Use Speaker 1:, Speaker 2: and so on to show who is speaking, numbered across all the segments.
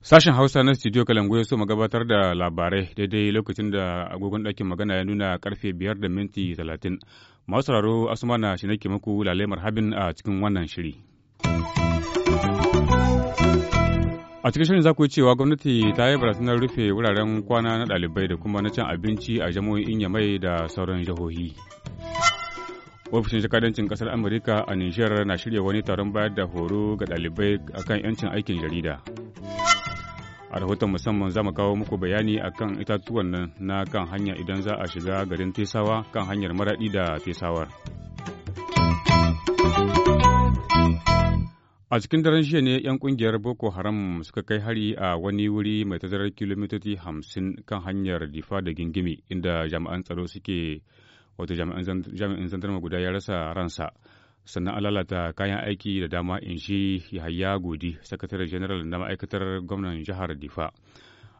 Speaker 1: Sashen Hausa na studio Kalangu ya so gabatar da labarai daidai lokacin da agogon ɗakin magana ya nuna karfe biyar da minti talatin. Masu sauraro na shi nake muku lalemar habin a cikin wannan shiri. A cikin shirin za ku cewa gwamnati ta yi barazanar rufe wuraren kwana na dalibai da kuma na cin abinci a jamhuriyar mai da sauran jihohi. Ofishin jakadancin kasar Amurka a Nijar na shirya wani taron bayar da horo ga ɗalibai akan 'yancin aikin jarida. A rahoton musamman za mu kawo muku bayani akan itatuwan nan na kan hanya idan za a shiga garin Tesawa kan hanyar Maraɗi da Tesawar. A cikin daren jiya ne 'yan kungiyar Boko Haram suka kai hari a wani wuri mai tazarar kilomitoci hamsin kan hanyar Difa da Gingimi inda jami'an tsaro suke wato jami'in zandarma guda ya rasa ransa sannan an lalata kayan aiki da dama in shi Yahaya Godi sakatare general na ma'aikatar gwamnan jihar Difa.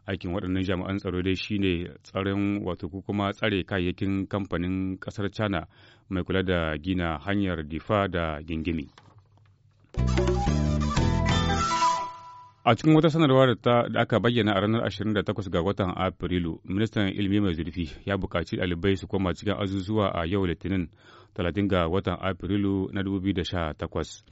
Speaker 1: Aikin waɗannan jami'an tsaro dai shi ne tsarin wato ko kuma tsare kayayyakin kamfanin ƙasar China mai kula da gina hanyar Difa da Gingimi. A cikin wata sanarwa da aka bayyana a ranar 28 ga watan Afrilu, ministan ilimi mai zurfi ya buƙaci ɗalibai su koma cikin azuzuwa a yau Litinin 30 ga watan Afrilu na 2018.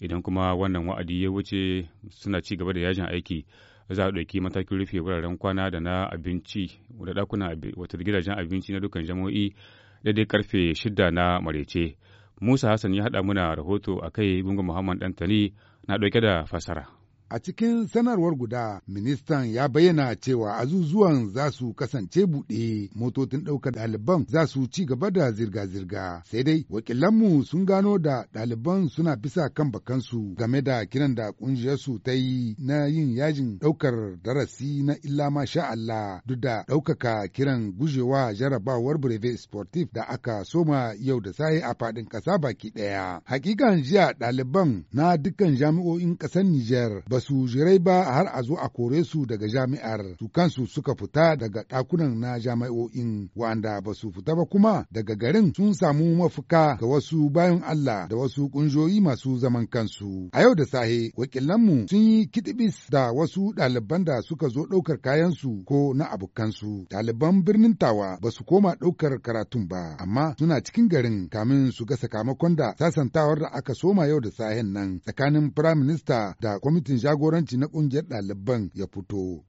Speaker 1: Idan kuma wannan wa'adi ya wuce suna ci gaba da yajin aiki, za a ɗauki matakin rufe wuraren kwana da na abinci da ɗakuna wata gidajen abinci na dukkan jam'o'i daidai karfe shida na marece. Musa Hassan ya haɗa muna rahoto a kai Gungun Muhammad Dantani na ɗauke da fasara.
Speaker 2: A cikin sanarwar guda, ministan ya bayyana cewa azuzuwan za su kasance buɗe motocin ɗaukar ɗaliban za su ci gaba da zirga-zirga. Sai dai, wakilanmu sun gano da ɗaliban suna bisa kan bakansu game da kiran da ƙungiyarsu ta yi na yin yajin ɗaukar darasi na illa masha Allah duk da ɗaukaka kiran gujewa jarabawar brevet sportif da aka soma yau da sahi a faɗin ƙasa baki ɗaya. Hakikan jiya ɗaliban na dukkan jami'o'in ƙasar Nijar ba su jirai ba har a zo a kore su daga jami'ar su kansu suka fita daga ɗakunan na jami'o'in wa'anda ba su fita ba kuma daga garin sun samu mafuka ga wasu bayan Allah da wasu ƙunjoyi masu zaman kansu. A yau da sahe wakilanmu sun yi kiɗibis da wasu ɗaliban da suka zo ɗaukar kayansu ko na abokansu. Ɗaliban birnin Tawa ba su koma ɗaukar karatun ba amma suna cikin garin kamin su ga sakamakon da sasantawar da aka soma yau da sahen nan tsakanin Firaminista da kwamitin jagoranci na kungiyar ɗaliban ya fito.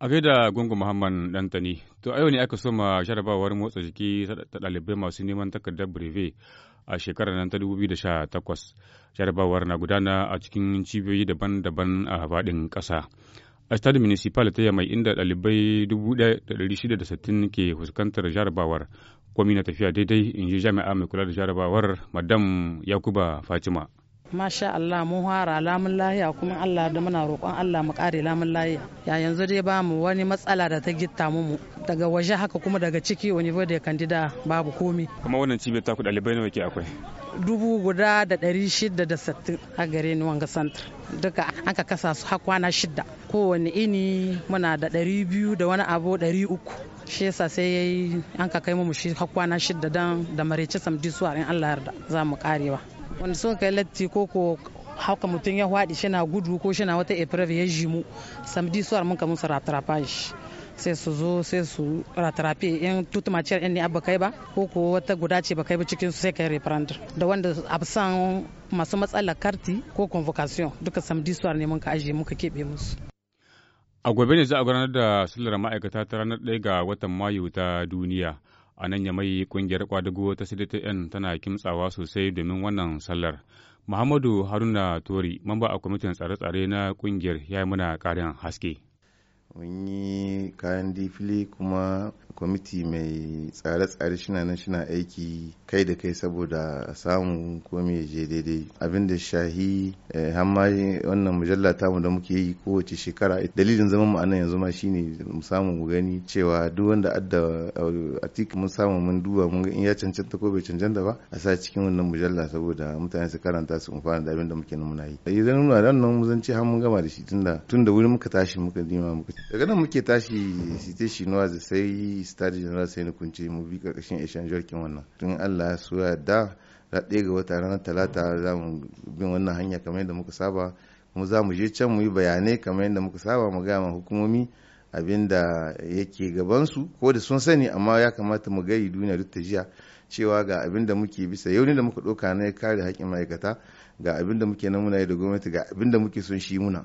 Speaker 1: A gaida gungun Muhammad Dantani, to a yau ne aka soma jarabawar motsa jiki ta ɗalibai masu neman takardar breve a shekarar nan ta 2018. Jarabawar na gudana a cikin cibiyoyi daban-daban a faɗin ƙasa. a stade municipal ta yamai inda ɗalibai 1660 ke fuskantar jarabawar kwami na tafiya daidai in ji jami'a mai kula da jarabawar madam yakuba fatima
Speaker 3: masha Allah mun fara lamun lahiya kuma Allah da muna roƙon Allah mu kare lamun lahiya ya yanzu dai ba mu wani matsala da ta gitta mu daga waje haka kuma daga ciki wani da kandida babu komi
Speaker 1: kuma wannan cibiyar ta ku ɗalibai nawa ke akwai
Speaker 3: dubu guda da ɗari shida da sittin a gare ni wanga santar duka an ka kasa su har kwana shida kowane ini muna da ɗari biyu da wani abu ɗari uku shi yasa sai ya yi an ka kai mu shi har kwana shida dan da marece samdi suwa in Allah yarda za mu karewa wanda sun kai latti ko ko haka mutum ya hwaɗi shi na gudu ko shi na wata epreve ya jimu samdi suwar mun kamun su ratrapage sai su zo sai su ratrape yan tutumaciyar yan ne abu kai ba ko ko wata guda ce ba kai ba cikin su sai kai referendum da wanda absan masu matsalar karti ko convocation duka samdi suwar ne mun ka ajiye muka keɓe musu
Speaker 1: a gobe ne za a gudanar da sallar ma'aikata ta ranar 1 ga watan mayu ta duniya a nan ya mai kungiyar kwadago ta cdtn tana kimtsawa sosai domin wannan sallar muhammadu haruna tori mamba a kwamitin tsare-tsare na kungiyar ya yi muna karin haske
Speaker 3: mun kayan difili kuma kwamiti mai tsare-tsare shina nan shina aiki kai da kai saboda samu komai ya je daidai abin da shahi eh, hamma wannan mujalla tamu da muke yi kowace shekara dalilin zama mu anan yanzu ma shine mu samu mu gani cewa duk wanda adda eh, atik mun samu mun duba mun ga in ya cancanta ko bai cancanta ba a sa cikin wannan mujalla saboda mutane su karanta su fara da abin da muke muna yi idan muna da nan mu zance har mun gama da shi tunda tun da wuri muka tashi muka nima muka daga nan muke tashi shi shi nuwa sai stade general sai ni kunce mu bi karkashin ishan kin wannan tun Allah ya so da da ɗaya ga wata ranar talata za mu bin wannan hanya kamar yadda muka saba kuma za mu je can mu yi bayanai kamar yadda muka saba mu gaya ma hukumomi abin da yake gabansu ko da sun sani amma ya kamata mu gayi duniya duk ta jiya cewa ga abin da muke bisa yau ne da muka ɗauka na kare haƙƙin ma'aikata ga abin da muke na muna da gwamnati ga abin da muke son shi muna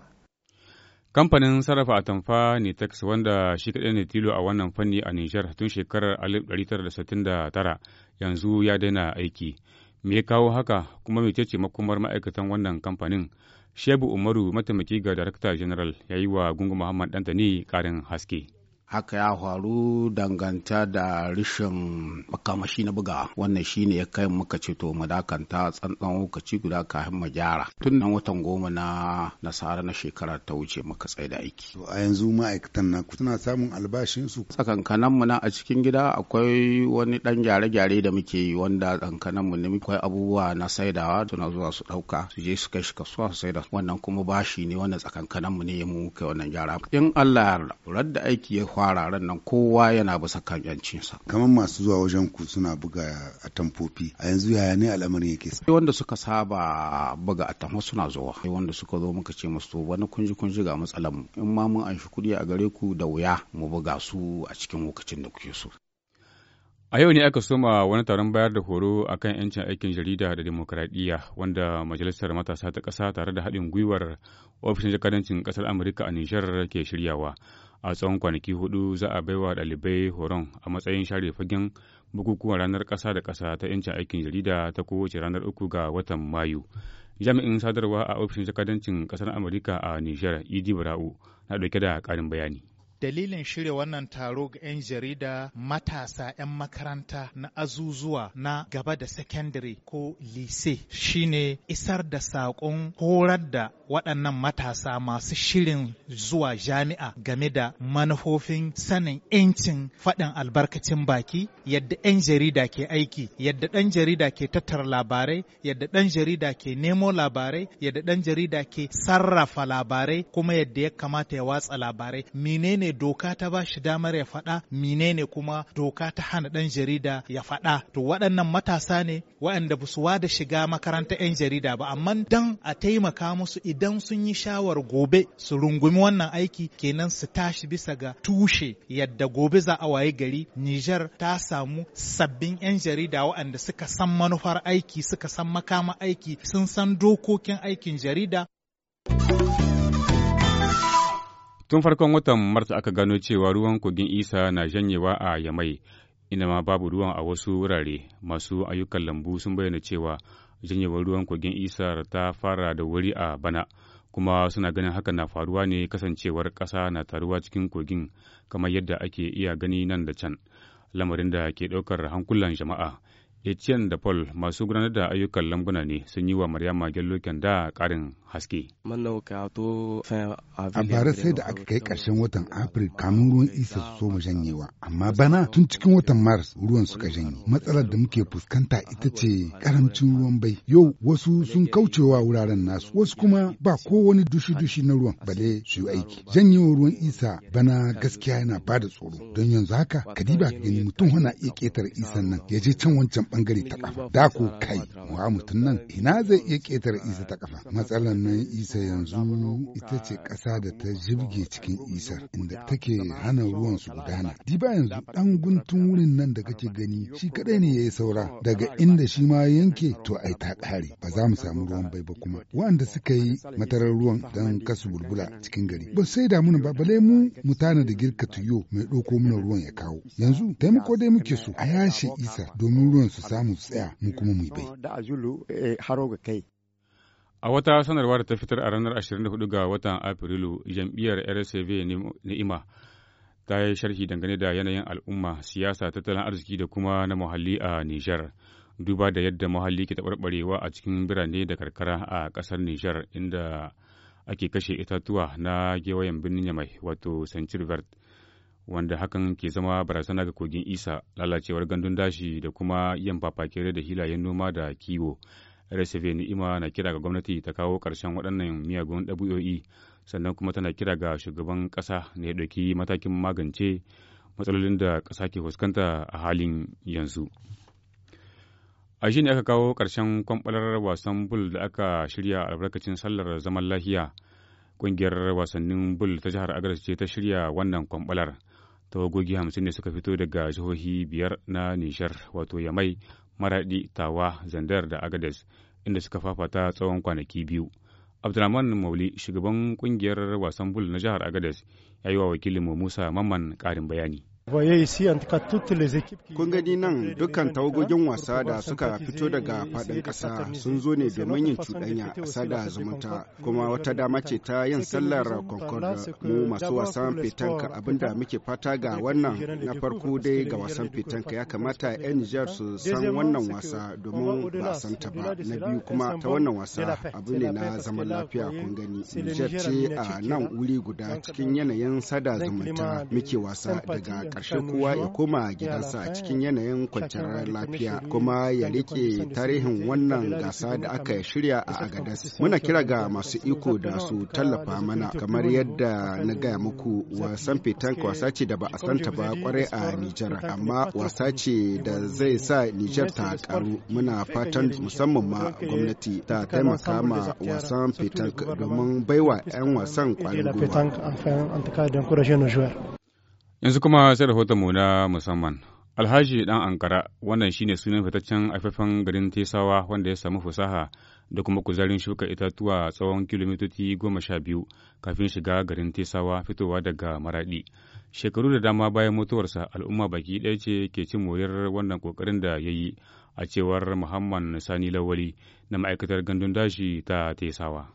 Speaker 1: Kamfanin sarrafa atamfa Nitex wanda shi kaɗai ne tilo a wannan fanni a Nijar tun shekarar 1969 yanzu ya daina aiki. Me kawo haka kuma mece ce makomar ma'aikatan wannan kamfanin? Shebu Umaru mataimaki ga Darakta General ya yi wa Gungun Muhammad Dantani ƙarin haske.
Speaker 4: haka ya faru danganta da rishin makamashi na buga wannan shine ya kai muka ce to mu dakanta tsantsan lokaci guda kafin mu gyara tun nan watan goma na nasara na shekara ta wuce muka tsaye da aiki to a yanzu ma'aikatan na kuna samun albashin su tsakankanan mu na a cikin gida akwai wani dan gyare-gyare da muke yi wanda tsakankanan mu ne akwai abubuwa na saidawa na zuwa su dauka su je su kai shi kasuwa su saida wannan kuma bashi ne wannan tsakankanan mu ne mu kai wannan gyara in Allah ya yarda da aiki ya hwararen nan kowa yana bisa kan yancinsa kamar masu zuwa wajen ku suna buga a tamfofi a yanzu yaya ne al'amarin yake wanda suka saba buga a tamfo suna zuwa wanda suka zo muka ce musu wani kunji kunji ga matsalar in ma mun anshi kuɗi a gare ku da wuya mu buga su a cikin lokacin da kuke so
Speaker 1: A yau ne aka soma wani taron bayar da horo a kan 'yancin aikin jarida da demokuraɗiyya wanda Majalisar Matasa ta ƙasa tare da haɗin gwiwar ofishin jakadancin ƙasar Amurka a Nijar ke shiryawa. a tsawon kwanaki hudu za a baiwa ɗalibai horon a matsayin share fagen bukukuwan ranar ƙasa da ƙasa ta 'yancin aikin jarida ta kowace ranar uku ga watan mayu jami'in sadarwa a ofishin jakadancin ƙasar amurka a nijar idi bara'u na dauke da karin bayani
Speaker 5: Dalilin shirya wannan taro ga 'yan jarida matasa 'yan makaranta na azuzuwa na gaba da secondary ko lise shine isar da saƙon horar da waɗannan matasa masu shirin zuwa jami'a game da manufofin sanin 'yancin faɗin albarkacin baki yadda 'yan jarida ke aiki yadda ɗan jarida ke tattara labarai yadda ɗan jarida ke nemo labarai yadda ɗan jarida ke sarrafa labarai kuma yadda ya kamata ya watsa labarai menene menene doka ta ba shi damar ya faɗa menene kuma doka ta hana ɗan jarida ya faɗa to waɗannan matasa ne waɗanda ba su wada shiga makaranta 'yan jarida ba amma dan a taimaka musu idan sun yi shawar gobe su rungumi wannan aiki kenan su tashi bisa ga tushe yadda gobe za a waye gari Nijar ta samu sabbin 'yan jarida waɗanda suka san manufar aiki suka san makama aiki sun san dokokin aikin jarida
Speaker 1: Tun farkon watan marta aka gano cewa ruwan kogin Isa na janyewa a Yamai, inda ma babu ruwan a wasu wurare masu ayyukan lambu sun bayyana cewa janyewar ruwan kogin Isa ta fara da wuri a bana. kuma suna ganin haka na faruwa ne kasancewar ƙasa na taruwa cikin kogin kamar yadda ake iya gani nan da can lamarin da ke ɗaukar hankulan jama'a etienne da paul masu gudanar da ayyukan lambuna ne sun yi wa maryama gello da ƙarin
Speaker 5: haske. A bara sai da
Speaker 2: aka kai ƙarshen watan Afril kamun ruwan isa su so mu janyewa, amma bana tun cikin watan Maris ruwan suka janye. Matsalar da muke fuskanta ita ce ƙaramcin ruwan bai. Yau wasu sun kaucewa wuraren nasu, wasu kuma ba ko wani dushi-dushi na ruwan bale su yi aiki. Janyewar ruwan isa bana gaskiya yana ba da tsoro. Don yanzu haka, kadiba ka gani mutum wana iya ƙetare isan nan ya je can wancan bangare ta kafa Da ko kai, wa mutum nan ina zai iya ƙetare isa ta kafa Matsalar sunan isa yanzu ita ce ƙasa da ta jirge cikin isar inda take hana ruwan su gudana diba yanzu ɗan guntun wurin nan da kake gani shi kadai ne ya yi saura daga inda shi ma yanke to ai ta ƙare ba za mu samu ruwan bai ba kuma wanda suka yi matarar ruwan dan kasu bulbula cikin gari ba sai da muna ba bale mu mu da girka tuyo mai ɗauko mana ruwan ya kawo yanzu taimako dai muke so a yashe isa domin ruwan su
Speaker 4: samu tsaya mu kuma mu bai
Speaker 1: A wata sanarwar ta fitar a ranar 24 ga watan Afrilu, jam'iyyar RSV Ni'ima ta yi sharhi dangane da yanayin al'umma, siyasa, tattalin arziki da kuma na muhalli a Nijar. Duba da yadda muhalli ke taɓarɓarewa a cikin birane da karkara a ƙasar Nijar inda ake kashe itatuwa na gewayen birnin Yamai wato Central Verde. wanda hakan ke zama barazana ga kogin isa lalacewar gandun dashi da kuma yan fafakere da hilayen noma da kiwo rsv ni'ima na kira ga gwamnati ta kawo karshen waɗannan miyagun ɗabi'o'i sannan kuma tana kira ga shugaban ƙasa na ya ɗauki matakin magance matsalolin da ƙasa ke fuskanta a halin yanzu a shi ne aka kawo ƙarshen kwamɓalar wasan bul da aka shirya albarkacin sallar zaman lahiya ƙungiyar wasannin bul ta jihar agadas ce ta shirya wannan kwamɓalar. tawagogi hamsin ne suka fito daga jihohi biyar na nishar wato yamai maradi tawa zandar da agades inda suka fafata tsawon kwanaki biyu abdulrahman mauli shugaban kungiyar wasan bul na jihar agades ya yi wa wakilinmu musa mamman karin bayani
Speaker 4: Kun gani nan dukkan tawagogin wasa da suka fito daga faɗin ƙasa sun zo ne domin yin cuɗanya sada zumunta kuma wata dama ce ta yin sallar concord mu masu wasan fitanka abinda muke fata ga wannan na farko dai ga wasan fitanka ya kamata 'yan Nijar su san wannan wasa domin ba san ta ba na biyu kuma ta wannan wasa abu ne na zaman lafiya kun gani Nijar ce a nan wuri guda cikin yanayin sada zumunta muke wasa daga Karshe kowa ya koma gidansa a cikin yanayin kwanciyar lafiya kuma ya rike tarihin wannan gasa da aka shirya a agadas muna kira ga masu iko da su tallafa mana kamar yadda na gaya muku wasan fitank wasa ce da ba a santa ba kwarai a nijar amma wasa ce da zai sa nijar ta karu muna fatan musamman ma gwamnati ta taimaka ma wasan fitank domin baiwa 'yan wasan kwarin gwiwa
Speaker 1: Yanzu kuma sai rahoton mu na musamman. Alhaji dan Ankara wannan shine sunan fitaccen aifafen garin Tesawa wanda ya samu fusaha da kuma kuzarin shuka itatuwa tsawon kilomitoci goma sha biyu kafin shiga garin Tesawa fitowa daga Maraɗi. Shekaru da dama bayan mutuwarsa al'umma baki ɗaya ce ke cin moriyar wannan ƙoƙarin da ya yi a cewar Muhammad Sani Lawali na ma'aikatar gandun dashi ta Tesawa.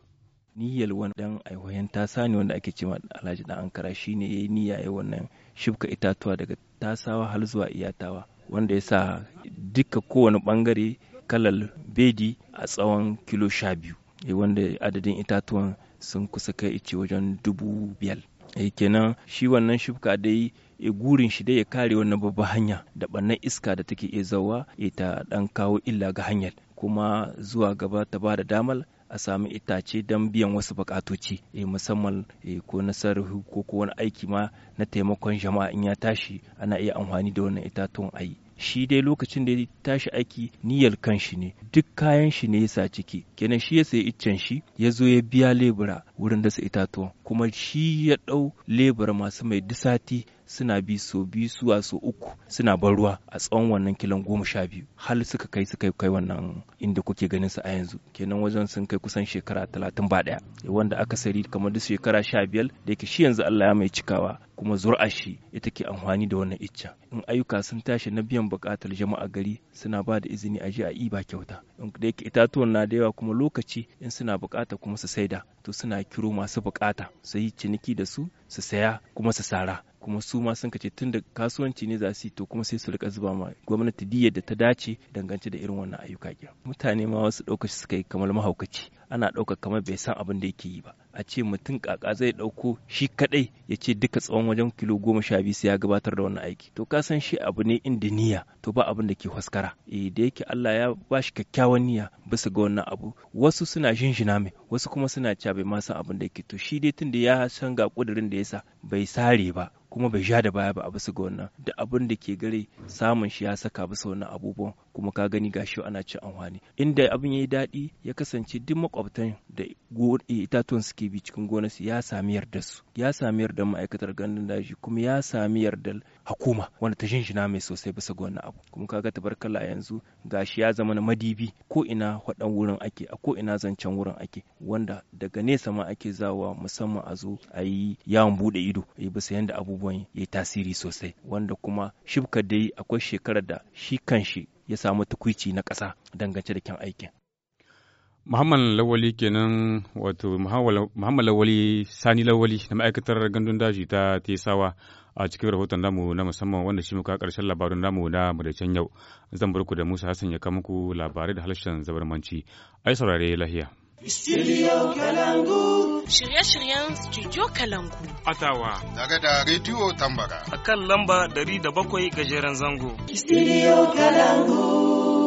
Speaker 6: Niyyar wannan aiwayen ta sani wanda ake cewa Alhaji dan Ankara shine ya yi niyya wannan shibka itatuwa daga tasawa har zuwa iyatawa wanda ya sa duka kowane bangare kalal bedi a tsawon kilo sha biyu eh, wanda adadin itatuwan sun kusa kai ice wajen dubu biyar eh, kenan shi wannan shibka dai e gurin shi dai ya kare wannan babban hanya da bannan iska da take iya zawa ita dan kawo illa ga hanyar kuma zuwa gaba ta ba da damar a sami itace don biyan wasu bukatoci eh, musamman eh, ko na sarrafi ko wani aiki ma na taimakon jama'a in ya tashi ana iya amfani da wannan itatuwan ayi shi dai lokacin da ya tashi aiki niyyar kan shi ne duk kayan shi ne ya sa ciki kenan shi ya sayi iccen shi ya zo ya biya lebura wurin dasa itatuwa. kuma shi ya ɗau lebura masu mai disati suna bi so bi zuwa so uku suna ban ruwa a tsawon wannan kilan goma sha biyu hal suka kai suka kai wannan inda kuke ganin su a yanzu kenan wajen sun kai kusan shekara talatin ba daya wanda aka sari kamar duk shekara sha biyar da yake shi yanzu Allah ya mai cikawa kuma zur'ashi shi ita ke amfani da wannan icca in ayyuka sun tashi na biyan bukatar jama'a gari suna ba da izini a ji a iba kyauta in da yake itatuwan na da yawa kuma lokaci in suna bukata kuma su saida to suna kiro masu bukata su yi ciniki da su su saya kuma su sara kuma su ma sun kace tun da kasuwanci ne za su yi to kuma sai su rika zuba ma gwamnati diyar da ta dace dangance da irin wannan ayyuka mutane ma wasu ɗaukaci suka yi kamar mahaukaci ana ɗauka kamar bai san abin da yake yi ba a ce mutum kaka zai ɗauko shi kadai ya ce duka tsawon wajen kilo goma sha biyu sai ya gabatar da wannan aiki to ka san shi abu ne inda niyya to ba abin da ke haskara eh da yake Allah ya ba shi kyakkyawan niyya bisa ga wannan abu wasu suna shinshina mai wasu kuma suna cewa bai ma san abin da yake to shi dai tunda ya san ga kudirin da sa bai sare ba kuma bai sha da baya ba a bisa ga wannan da abin da ke gare samun shi ya saka bisa wannan abubuwan kuma ka gani gashi ana ci amfani inda abin ya yi daɗi ya kasance duk makwabtan da eh, itatuwan suke bi cikin su ya sami yardar su ya sami yardar ma'aikatar gandun daji kuma ya sami yardar hukuma wanda ta shinshina mai sosai bisa ga wannan abu kuma kaga tabarkala yanzu ga shi ya zama na madibi ko ina faɗan wurin ake a ko ina zancen wurin ake wanda daga nesa ma ake zawa musamman a zo a yi yawon bude ido a yi bisa yadda abubuwan ya tasiri sosai wanda kuma shibka dai akwai shekarar da shi kanshi ya samu tukwici na ƙasa dangance da kyan aikin
Speaker 1: Muhammad Lawali kenan wato Muhammad Lawali Sani Lawali na ma'aikatar gandun daji ta Tesawa a cikin rahoton namu na musamman wanda shi muka karshen labarin namu na madaicen yau zan barku da Musa Hassan ya kama muku labarai da halashen zabarmanci ai saurare lahiya
Speaker 6: Studio
Speaker 3: Kalangu. Shirye-shiryen Studio Kalangu.
Speaker 1: Atawa. Daga da Radio Tambara. A kan lamba 700 gajeren zango.
Speaker 5: Studio Kalangu.